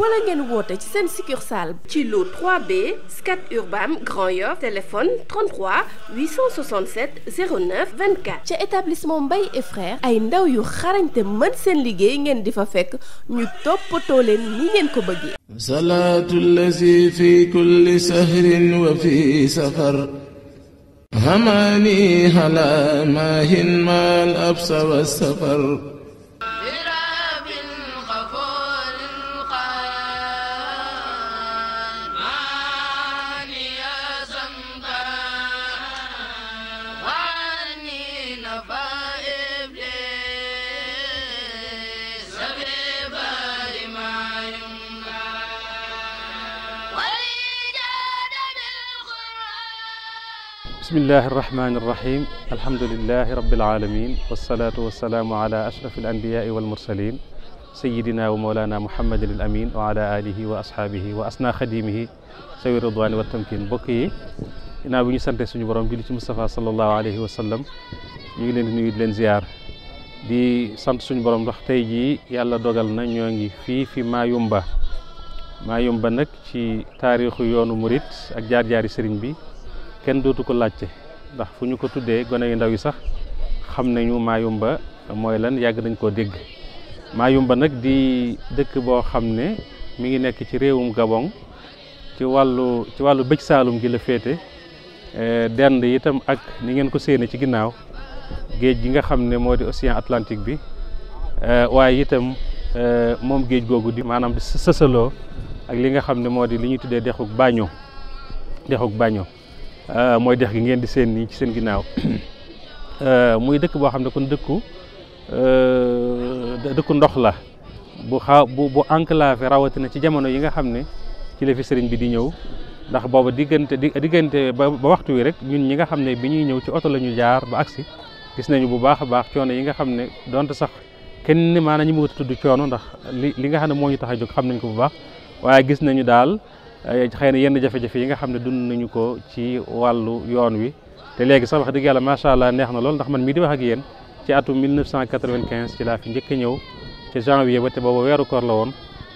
wala ngeen woote ci seen succursale ci lu 3B Scat Urbam Grand Yoff téléphone 33 867 ca établissement Mbaye et ay ndaw yu xarañte mën seen liggéey ngeen di fa fekk ñu toppatoo leen ni ngeen ko bëggee salaatu lazi fi kulli sahrin wa fi safar hamaani hala maahin maal absa wa safar bismillahi irrahmani irrahim alhamdulilahi rabilalamin walsalaatu walsalaamu ala ashraf alanbiyaai walmursalin sayidina wa moolana muhammadin al amin wa ala alihi wa ashaabihi wa asna xadimihi sawi ridwaani wa tamkin bokk yi ginnaaw bi ñu sante suñu borom julli ci Mustafa sallallahu alayhi wa sallam ñu ngi leen di nuyu di leen ziyaar di sant suñu borom ndax tey jii yàlla dogal na ñoo ngi fii fi Mayumba Mayumba nag ci taarixu yoonu murit ak jaar-jaari sëriñ bi kenn dootu ko laajte ndax fu ñu ko tuddee gone yu ndaw yi sax xam nañu Mayumba mooy lan yàgg nañ koo dégg maayumba nag di dëkk boo xam ne mu ngi nekk ci réewum Gabon ci wàllu ci wàllu bëj saalum gi la féete eh, dend itam ak ni ngeen ko séene ci ginnaaw géej gi nga xam ne moo di océan Atlantique bi eh, waaye itam eh, moom géej googu di maanaam sësaloo ak li nga xam ne moo di li ñuy tuddee dexuk baaño dexuk baaño Euh, mooy dex gi ngeen di seen nii ci seen ginnaaw euh, muy dëkk boo xam ne kon dëkku euh, dëkku ndox la bu xaw bu bu enclavé rawatina ci jamono yi nga xam ne ci la fi sëriñ bi di ñëw ndax booba diggante diggante ba waxtu wi rek ñun ñi nga xam ne bi ñuy ñëw ci oto la ñu jaar ba agsi gis nañu bu baax a baax coono yi nga xam ne donte sax kenn maanaam ñi mu tudd coono ndax li li nga xam ne moo ñu tax a jóg xam nañ ko bu baax waaye gis nañu daal. xëy na yenn jafe-jafe yi nga xam ne dund nañu ko ci wàllu yoon wi te léegi sax wax dëgg yàlla macha allah neex na lool ndax man mii di wax ak yéen ci atum 1995 ci laa fi njëkk a ñëw ci janvier ba te booba weeru koor la woon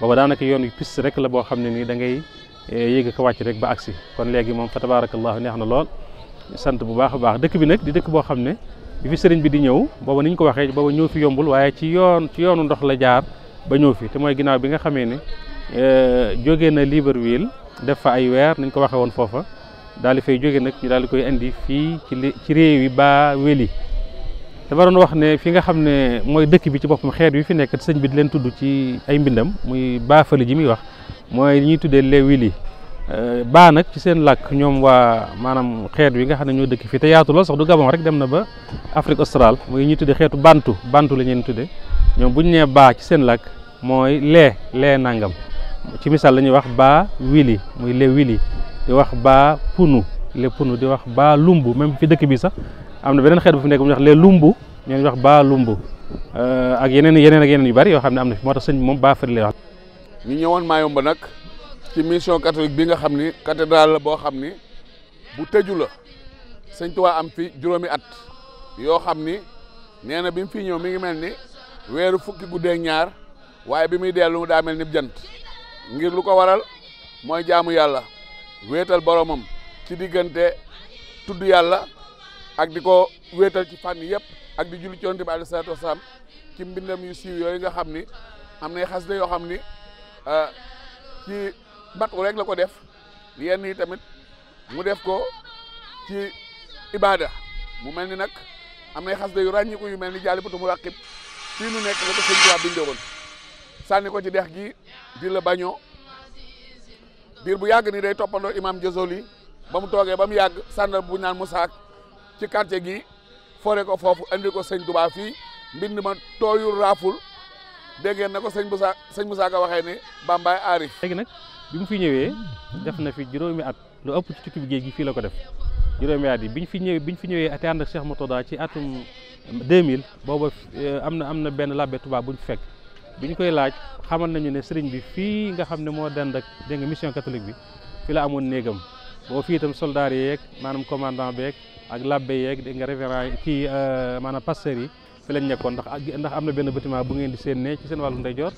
booba daanaka yoon wi piste rek la boo xam ne nii da ngay eh, yéeg ko wàcc rek ba agsi kon léegi moom fa tabarakallahu neex na lool sant bu baax a baax dëkk bi nag di dëkk boo xam ne bi fi sëriñ bi di ñëw booba ni ñu ko waxee booba ñëw fi yombul waaye ci yoon ci yoonu ndox la jaar ba ñëw fi mooy ginnaaw bi nga xamee ne Eh, jóge na Libreville def fa ay weer nañ ko waxee woon foofa daal di fay jóge nag ñu daal di koy indi fii ci ci réew yi baa weli dafa doon wax ne fi nga xam ne mooy dëkk bi ci boppam xeet wi fi nekk sëñ bi di leen tudd ci ay mbindam muy baafali ji muy wax mooy li ñuy tuddee les weli eh, baa nag ci seen làkk ñoom waa maanaam xeet wi nga xam ne ñoo dëkk fii te yaatu lool sax du Gabon rek dem na ba Afrique australe muy ñuy tuddee xeetu bantu bantu la ñeen tuddee ñoom bu nee baa ci seen làkk mooy lee lee nangam ci misaal la ñuy wax baa wili muy le wili di wax baa punu le di wax baa lumbu même fi dëkk bi sax am na beneen xeet bu fi nekk bu lumbu ñoo wax baa lumbu euh, ak yeneen yeneen ak yu bari yoo xam ne am na moo tax sëñ moom baa fari lay ñu ñëwoon Mayumba nag ci mission catholique bi nga xam ni cathédrale la boo xam ni bu tëjula la sëñ Tuubaa am fi juróomi at yoo xam ni nee na bi mu fi ñëw mi ngi mel ni weeru fukki guddee ñaar waaye bi muy dellu daa mel ni jant. ngir lu ko waral mooy jaamu yàlla wéetal boromam ci diggante tudd yàlla ak di ko wéetal ci fànn yëpp ak di julli ci yonent bi alayhi salaatu wasalaam ci mbindam yu siiw yooyu nga xam ni am nay xasida yoo xam ni euh, ci batu rek la ko def yenn yi tamit mu def ko ci ibaada mu mel ni nag am nay xasida yu ràññiku yu mel ni jaalibatu muraqib fii nu nekk la ko sëñ Tuubaa bindee woon sànni ko ci dex gi di la bañoo biir bu yàgg ni day toppandoo imam Jazoli ba mu toogee ba mu yàgg sàndal bu naan Musaak ci quartier gi foore ko foofu andi ko sëñ Touba fii mbind ma tooyul raaful dégg ngeen na ko sëñ Musaa sëñ Musaa Ka waxee ne Bambaay aarif léegi nag bi mu fi ñëwee def na fi juróomi at lu ëpp ci tukki gi fii la ko def juróomi at yi ñu fi ñëwee biñ fi ñëwee te ànd ak Cheikh Motoda ci atum 2000 booba euh, am na am na benn labbe tubaab bu ñu fekk bi ñu koy laaj xamal nañu ne sëriñ bi fii nga xam ne moo dend ak dégg mission catholique bi fi la amoon néegam boo fii itam soldaar yeeg maanaam commandant beeg ak labbe yeeg dégg nga révérend kii euh, maanaam pasteur yi fi lañ nekkoon ndax ndax am na benn bâtiment bu ngeen di seen ne ci seen wàllu ndeyjoor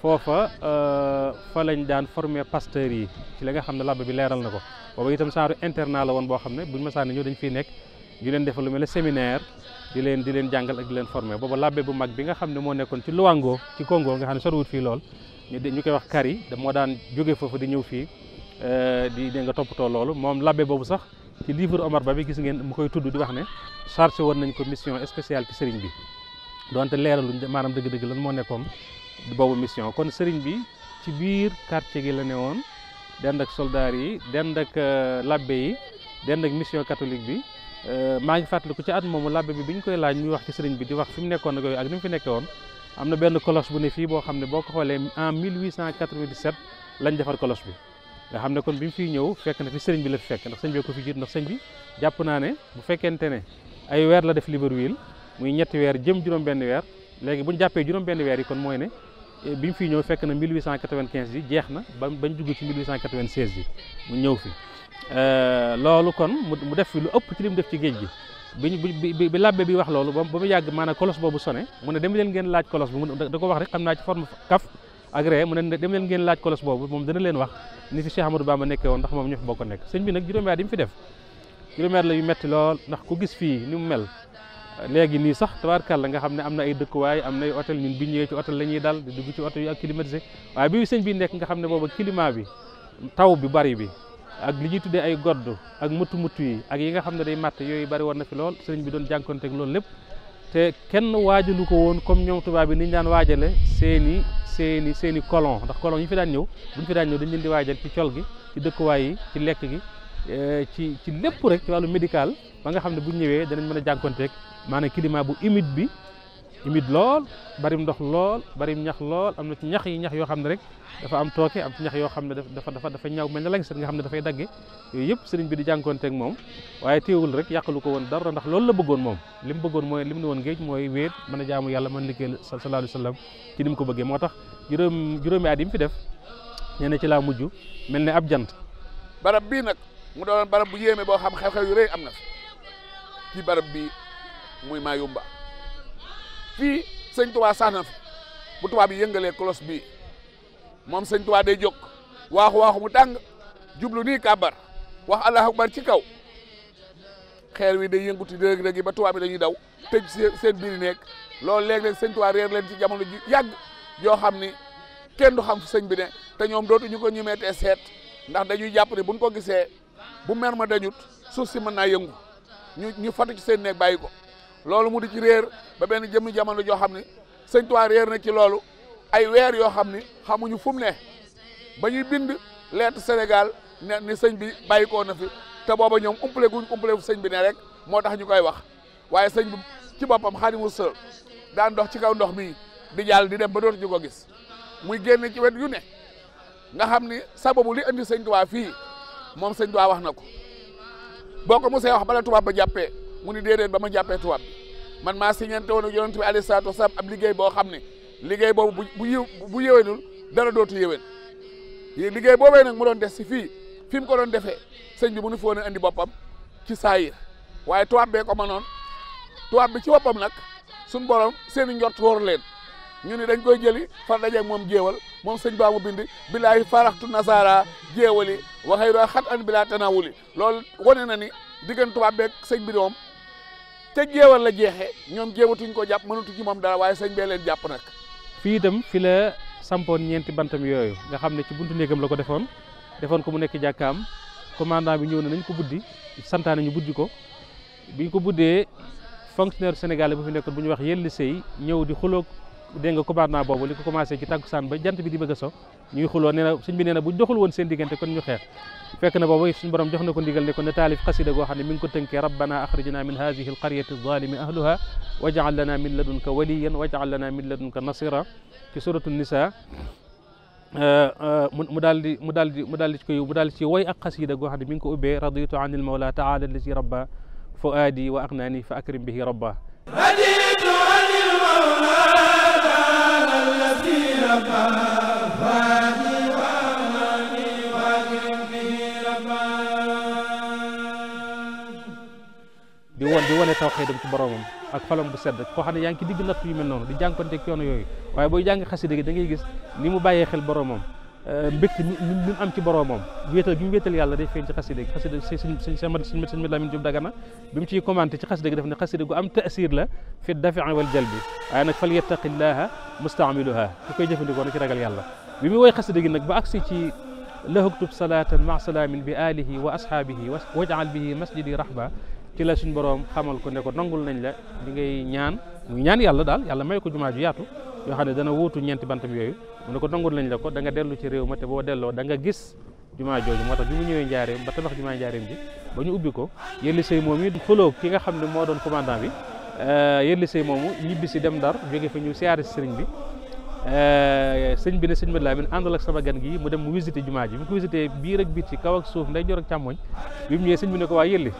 foofa euh, fa lañ daan former pasteur yi ci la nga xam ne labbe bi leeral na ko booba itam saaru internat la woon boo xam ne buñ ma sànni ñëw dañ fiy nekk ñu leen defal lu mel ne séminaire di leen di leen jàngal ak leen formé boobu labbe bu mag bi nga xam ne moo nekkoon ci Luwango ci Congo nga xam ne soriwut fii lool ñu ñu koy wax Kari moo daan jóge foofu di ñëw fii eh, di di nga too loolu moom labbe boobu sax ci livre Omar Ba bi gis ngeen mu koy tudd di wax ne chargé woon nañ ko mission spéciale ci sëriñ bi donte leeraluñ maanaam dëgg-dëgg lan moo nekkoon boobu mission kon sëriñ bi ci biir quartier gi la ne woon dend ak soldaar yi dend ak eh, labbe yi dend ak mission catholique bi Euh, maa ngi fàttaliku ci at moomu labbe bi bi ñu koy laaj muy wax ci sëriñ bi di wax fi nekkoon ak yooyu ak ni mu fi nekkee woon am na benn cloche bu ne fii boo xam ne boo ko xoolee en 1897 lañ defar cloche bi nga xam ne kon bi mu fiy ñëw fekk na fi sëriñ bi la fi fekk ndax sëñ bi ko fi jiit ndax sëñ bi jàpp naa ne bu fekkente ne ay weer la def Libreville muy ñetti weer jëm juróom benn weer léegi bu ñu jàppee juróom benn weer yi kon mooy ne bi mu fi ñëw fekk na 1895 yi jeex na ba bañ dugg ci 1896 yi mu ñëw fi euh, loolu kon mu def fi lu ëpp ci li mu def ci géej gi bi bi labbe bi wax loolu ba mu yàgg maanaam kolos boobu sone mu ne dem leen ngeen laaj kolos bi boobu moom dana leen wax ni fi Cheikh Amadou Bamba nekkee woon ndax moom ñoo fi bokk nekk sëñ bi nag juróomi at yi mu fi def juróomi at la yu metti lool ndax ku gis fii ni mu mel léegi nii sax tabaarkàlla nga xam ne am na ay dëkkuwaay am na ay hôtel ñun bi ñëwee ci hôtel la ñuy di dugg ci hôtel yu ak climatisé waaye bi sëñ bi nekk nga xam ne booba climat bi taw bi bari bi ak li ñuy tuddee ay godd ak mutu mutu yi ak yi nga xam ne day matt yooyu bari woon na fi lool sëñ bi doon jànkonteeg loolu lépp te kenn waajalu ko woon comme ñoom tubaab bi ni ñu daan waajale seeni seeni seeni colon ndax colon yi fi daan ñëw buñ fi daan ñëw dañ leen di waajal ci col gi dëkkuwaay yi ci lekk gi Eh, ci ci lépp rek ci wàllu médical ba nga xam ne bu ñëwee danañ mën a jànkonte rek maanaam climat bu humide bi humide lool barim ndox lool barim ñax lool am na ci ñax yi ñax yoo xam ne rek dafa am tooke am ci ñax yoo xam ne dafa dafa dafa ñaw mel ne lañ set nga xam ne dafay dagge yooyu yëpp sëriñ bi di jànkonteeg moom waaye téewul rek yàqalu ko woon dara ndax loolu la bëggoon moom li mu bëggoon mooy li ne woon géej mooy wéet mën a jaamu yàlla mën liggéeyal sallallahu alayhi wa moo tax juróom juróomi at yi mu fi def nee ci laa mujj mel ne ab jant mu doon barab bu yéeme boo xam xew-xew yu rëy am na fi ci barab bi muy Mayumba fii sëñ Tuubaa sax na fi bu tubaab bi yëngalee cloche bi moom sëñ Tuubaa day jóg waaxu waaxu mu tàng jublu nii kàbbar wax allahu akbar ci kaw xeer wi day yënguti rëg-rëg yi ba tubaab bi dañuy daw tëj seen biir nekk loolu léeg-léeg sëñ Tuubaa réer leen ci jamono ji yàgg yoo xam ni kenn du xam fu sëñ bi ne te ñoom dootuñu ko ñemeetee seet ndax dañuy jàpp ne buñ ko gisee bu mer ma dañut suuf si mën naa yëngu ñu ñu fatu ci seen neeg bàyyi ko loolu mu di ci réer ba benn jëmmi jamono joo xam ne sëñ Tuubaa réer na ci loolu ay weer yoo xam ni xamuñu fu mu ne ba ñuy bind lettre senegal ne ni sëñ bi bàyyi koo na fi te booba ñoom umpale guñ umpale fu sëñ bi ne rek moo tax ñu koy wax waaye sëñ bi ci boppam Xaadimu Rasuul daan dox ci kaw ndox mi di jàll di dem ba dootuñu ko gis muy génn ci wet yu ne nga xam ni sababu li indi sëñ Tuubaa fii moom sëñ Tuubaa wax na ko boo ko mosee wax bala tubaab ba jàppee mu ni déedéet ba ma jàppee tubaab man maa siñante woon ak yonent bi alayhi saato wasalaam ab liggéey boo xam ne liggéey boobu bu bu bu yéwénul dara dootu yéwén liggéey boobee nag mu doon des si fii fi mu ko doon defee sëñ bi mu nu foon a indi boppam ci saayir waaye tubaab bee ko mënoon tubaab bi ci boppam nag suñu borom seen i njort wóor leen ñu ni dañ koy jëli far dajeeg moom jéewal moom sëñ baa mu bind bilaahi faraxtu nasaara jéewali waxey doo xat an bilaa tanawuli lool wone na ni diggante tubaab beeg sëñ bi moom te jéewal la jeexe ñoom jéewatuñ ko jàpp mënatu ci moom dara waaye sëñ bee leen jàpp nag fii itam fi la sampoon ñeenti bantam yooyu nga xam ne ci buntu néegam la ko defoon defoon ko mu nekk jàkkaam commandant bi ñëw na nañ ko buddi santaane ñu buddi ko biñ ko buddee fonctionnaire sénégalais bu fi nekkoon bu ñu wax yelli sëy ñëw di xuloog dégg nga commandement boobu li ko commencé ci ba jant bi di a so ñuy xuloo nee na suñ bi nee na bu doxul woon seen diggante kon ñu xeex fekk na boobu suñ ko ndigal ne ko ne taalif xasida goo xam ne ko tënkee rabbana axrijna min hadihi alqaryati alzalimi ahluha wajal lana min ladunka nasira ci suratu nisa euh, euh, mu daal di mu daal di mu daal di koy mu daal di ci woy ak xasida goo xam ne mi ngi ko ubbee raditu an il taala allazi rabba fuaadi wa agnaani bihi rabba di won di wone tawxiidam ci boromam ak xolam bu sedd koo xam ne yaa ngi ci digg natt yu mel noonu di jànkonteeg yoonu yooyu waaye boo jàng xasida gi da ngay gis ni mu bàyyee xel boromam Euh, mbégte mi mi am ci boroomam wéetal gi mu wéetal yàlla day feeñ ci xasida gi xasida sëñ sëñ Dagana bi mu ciy ci xasida def ne xasida gu am la fi dafi'i wal jalbi waaye nag fal yattaqillaaha mustaamiluha ku koy jëfandikoo na ci ragal yàlla bi mu woy xasida ba agsi ci lahuktub salatan ma salaamin bi alihi wa ashaabihi waj'al bihi masjidi rahba ci la suñ boroom xamal ko ne ko nangul nañ la li ngay ñaan muy ñaan yàlla daal yàlla may ko jumaa ju yoo xam ne dana wuutu ñeenti bantam yooyu mu ne ko nangul lañ la ko da nga dellu ci réew ma te boo delloo da nga gis jumaa jooju moo tax bi mu ñëwee njaareem ba tabax jumaa njaareem ji ba ñu ubbi ko yëlli sëy moom yi ki nga xam ne moo doon commandant bi euh, yëlli sëy moomu ñibbi si dem ndar jóge fa ñu siyaare si sëriñ bi euh, sëñ bi ne sëñ Madla bi ne àndal ak sama gan gi mu dem mu visité jumaa ji bi mu ko visité biir ak biir ci kaw ak suuf ndey jor ak càmmoñ bi mu ñëwee sëñ bi ne ko waa yëlli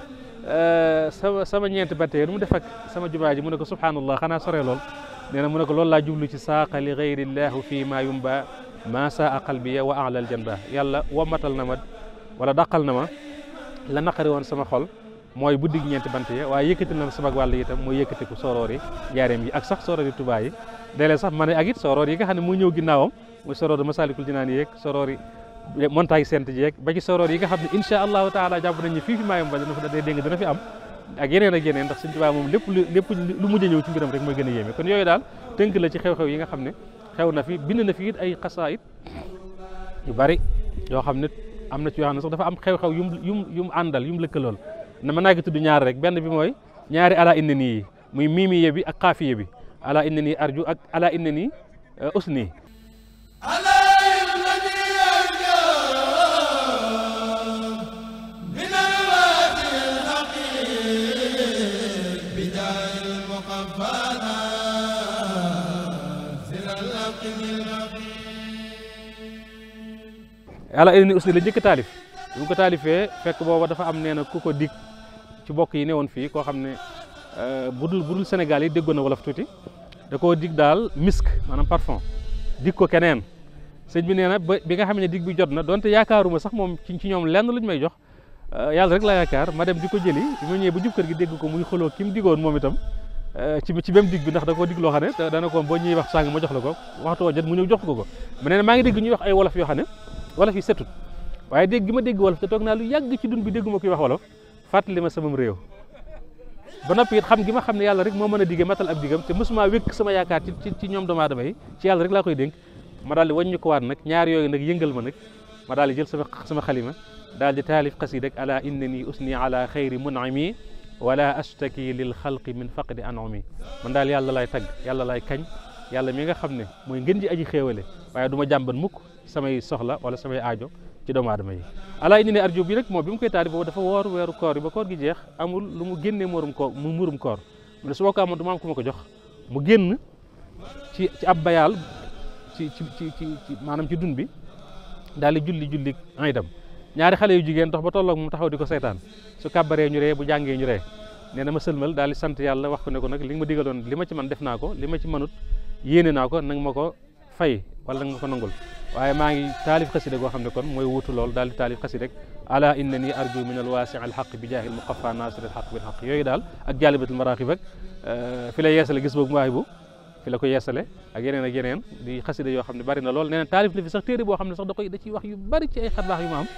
Euh, sama sama ñeenti battee nu mu def ak sama jubaa ji mu ne ko subhanallah xanaa sore lool nee na mu ne ko loolu laa jublu ci saaqa li gayrillahu fii maa yumba maa saa qalbiya wa alal janda yàlla matal na ma wala dàqal na ma la naqari woon sama xol mooy buddig ñeenti bant ya waaye yëkkati na sama wàll yi itam mooy yëkkatiku soroor yi jaareem ak sax soroor yi tubaa yi déelee ma ne ak it soroor yi nga xam ne mu ñëw ginnaawam muy soroor masalikul jinaan yi yeeg soroor yi montagne sent ji yeeg ba ci soroor yi nga xam ne incha allahu taala jàpp nañu fii fi maayam ba dana fa dee dégg dana fi am ak yeneen ak yeneen ndax Sëñ Tuubaa moom lépp lu mujj a ñëw ci mbiram rek mooy a yéeme kon yooyu daal ne xew na fi bind na fi it ay xasaayit yu bari yoo xam ne am na ci yoo xam sax dafa am xew-xew yum yum yum àndal yum lëkkalool na mën naa ko tudd ñaar rek benn bi mooy ñaari ala inna nii yi muy miimiye bi ak xaafiye bi ala inna nii arju ak ala inna nii uh, usni ala ilni usni la jëkk taalif bu ko taalifee fekk booba dafa am nee na ku ko dig ci bokk yi ne woon fii koo xam ne euh, budul budul Sénégal yi déggoon na wolof tuuti da koo digg daal misk maanaam parfum dig ko keneen sëñ bi nee na ba bi nga xam ne dig bi jot na donte yaakaaruma sax moom ci ñoom lenn luñ may jox euh, yàlla rek la yaakaar ma dem di ko jëli bi ma ñëwee ba jub kër gi dégg ko muy xoloo ki mu digoon moom itam Euh, ci ci même digg bi ndax da koo digg loo xam ne dana ko boo ñuy wax sàng ma jox la ko waxtu woo mu ñëw jox ko ko ma ne maa ngi dégg ñuy wax ay wolof yoo xam wolof yi setut waaye dégg ma dégg wolof te toog naa lu yàgg ci dund bi dégguma koy wax wolof fàttali ma samam réew ba noppi it xam gi ma xam ne yàlla rek moo mën a diggee matal ab diggam te ma wékk sama yaakaar ci ci ñoom doomu aadama yi ci yàlla rek laa koy dénk ma daal di yooyu nag yëngal ma nag ma daal di sama sama daal di taalif xasiid ak ala innani usni ala xayri munami wala ashtaki lil xalqi min faqdi anumi man daal yàlla laay tagg yàlla laay kañ yàlla mi nga xam ne mooy ngën ji aji xéewale waaye du ma jàmbat mukk samay soxla wala samay aajo ci doomu aadama yi alaa indi ne arjo bi nag moom bi mu koy taari boobu dafa woor weeru koor yi ba koor gi jeex amul lu mu génnee murum koor mu murum koor mu ne su ma ko amoon du ma ko jox mu génn ci ci ab bayaal ci ci ci ci maanaam ci dun bi daal di julli julli ay dem ñaari xale yu jigéen dox ba tolloog moom taxaw di ko seetaan su kàbbaree ñu ree bu jàngee ñu ree nee na ma sëlmal daal di sant yàlla wax ko ne ko nag li nga ma digaloon li ma ci man def naa ko li ma ci manut yéene naa ko nanga ma ko fay wala nanga ma ko nangul waaye maa ngi taalif xasida goo xam ne kon mooy wutu lool daal di taalif xasida rek ala innani arju min al waasi al xaq bi jaahil muqaffa naasir al xaq bil yooyu daal ak jaalibatul maraaxib ak euh, la gis boobu mu bu fi la ko yeesale ak yeneen ak yeneen di xasida yoo xam ne bari na lool nee na taalif na fi sax boo xam ne sax da koy da ciy wax yu bari ci ay xarbaax yu ma am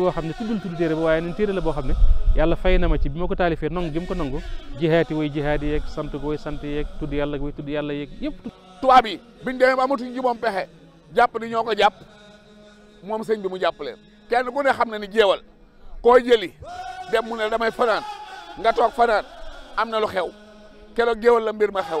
boo xam ne tuddul tudd téere ba waaye nen téere la boo xam ne yàlla fay na ma ci bi ma taalifee nong gi ko nangu jihaati way jihaati yeeg sant ko way sant yeeg tudd yàlla way tudd yàlla yeeg yëpp tubaab yi biñ demee ba amatuñ ji moom pexe jàpp ni ñoo ko jàpp moom sëñ mu jàpp leen kenn ku ne xam na ni jéewal koo jëli dem mu ne damay fanaan nga toog fanaan am na lu xew keroog jéewal la mbir ma xew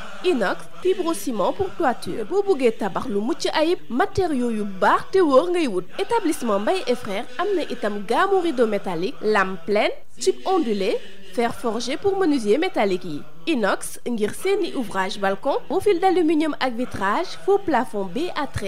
inox fibrociment pour toiture boo bëggee tabax lu mucc ayib matériaux yu baax te wóor ngay wut établissement Mbaye et am na itam gamme rideau métallique lame pleine tube ondulé fer forgé pour menuisier métallique yi inox ngir seeni ouvrage balcon profil d'aluminium ak vitrage faux plafond BA13